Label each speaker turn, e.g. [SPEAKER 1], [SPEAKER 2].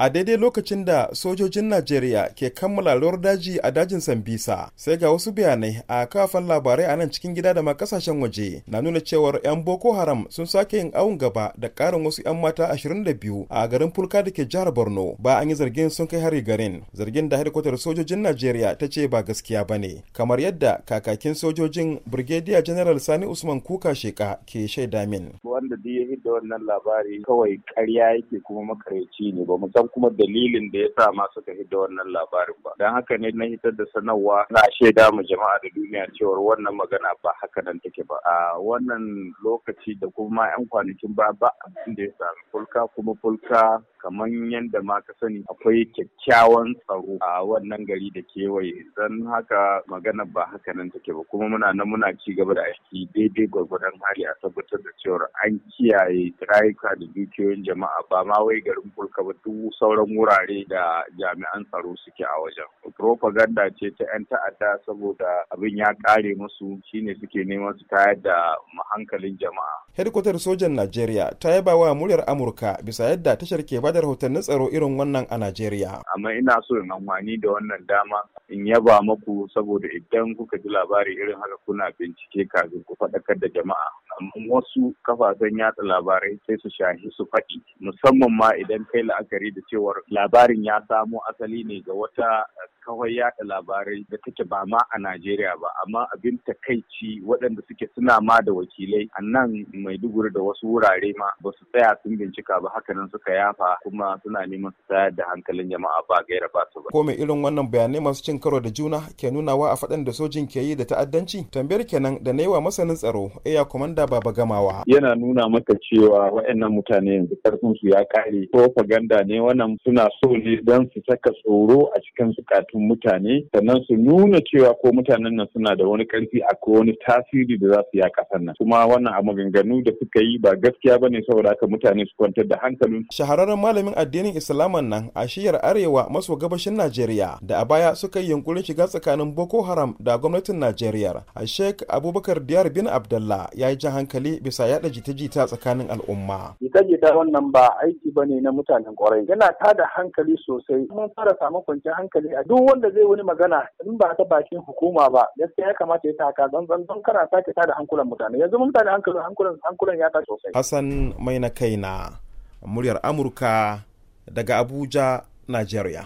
[SPEAKER 1] a daidai lokacin da sojojin najeriya ke kammala lor daji a dajin sambisa sai ga wasu bayanai a kafan labarai a nan cikin gida da ma kasashen waje na nuna cewar 'yan boko haram sun sake yin awon gaba da karin wasu 'yan mata 22 a garin fulka da ke jihar borno ba an yi zargin sun kai hari garin zargin da hedikwatar sojojin najeriya ta ce ba gaskiya ba ne kamar yadda kakakin sojojin brigadier general sani usman kuka sheka ke shaida min
[SPEAKER 2] wanda duk ya hidda wannan labari kawai karya yake kuma makareci ne ba mu san kuma dalilin da ya sa ma suka hidda wannan labarin ba dan haka ne na hitar da sanarwa na shaida mu jama'a da duniya cewar wannan magana ba haka nan take ba a wannan lokaci da kuma yan kwanakin ba ba abin da ya sami fulka kuma fulka kamar yadda ma ka sani akwai kyakkyawan tsaro a wannan gari da kewaye don haka magana ba haka nan take ba kuma muna nan muna ci gaba da aiki daidai gwargwadon hali a tabbatar da cewa an kiyaye rayuka da dukiyoyin jama'a ba ma wai garin fulka ba duk sauran wurare da jami'an tsaro suke a wajen propaganda ce ta 'yan ta'adda saboda abin ya kare musu shine suke neman su tayar da hankalin jama'a
[SPEAKER 1] hedkwatar sojan najeriya ta yaba wa muryar amurka bisa yadda tashar ke ba ba da rahotannin tsaro irin wannan a Najeriya.
[SPEAKER 2] Amma ina so in amfani da wannan dama in yaba maku saboda idan kuka ji labari irin haka kuna bincike kafin ku faɗakar da jama'a. Amma wasu kafafen yatsa labarai sai su shahi su faɗi musamman ma idan kai la'akari da cewar labarin ya samo asali ne ga wata kawai yada labarai da take ba ma a Najeriya ba amma abin takaici waɗanda suke suna ma da wakilai a nan Maiduguri da wasu wurare ma ba su tsaya sun bincika ba hakanan suka yafa kuma suna neman su tsayar da hankalin jama'a ba gaira ba su ba.
[SPEAKER 1] Ko mai irin wannan bayanai masu cin karo da juna ke nunawa a faɗan da sojin ke yi da ta'addanci tambayar kenan da na yi wa masanin tsaro Iya Komanda Baba Gamawa.
[SPEAKER 2] Yana nuna maka cewa waɗannan mutane yanzu karfin su ya kare propaganda ne wannan suna so ne don su saka tsoro a cikin zukatun zukatun mutane sannan su nuna cewa ko mutanen nan suna da wani karfi ko wani tasiri da za su yi a ƙasar nan kuma wannan a maganganu da
[SPEAKER 1] suka yi ba gaskiya ba ne saboda haka mutane su kwantar da hankalin shahararren malamin addinin islaman nan a shiyar arewa maso gabashin najeriya da a baya suka yi yunkurin shiga tsakanin boko haram da gwamnatin najeriya a sheik abubakar diyar bin abdallah ya yi jan hankali bisa yaɗa jita-jita tsakanin al'umma
[SPEAKER 2] jita-jita wannan ba aiki ba ne na mutanen kwarai yana tada hankali sosai mun fara samun kwanciyar hankali a duk wanda zai wani magana in ba ta bakin hukuma ba gaskiya ya kamata ya taka zanzan don kana sake tada hankulan mutane yanzu mun tada hankulan hankulan hankulan ya ta sosai
[SPEAKER 1] Hassan mai na kaina muryar Amurka daga Abuja Nigeria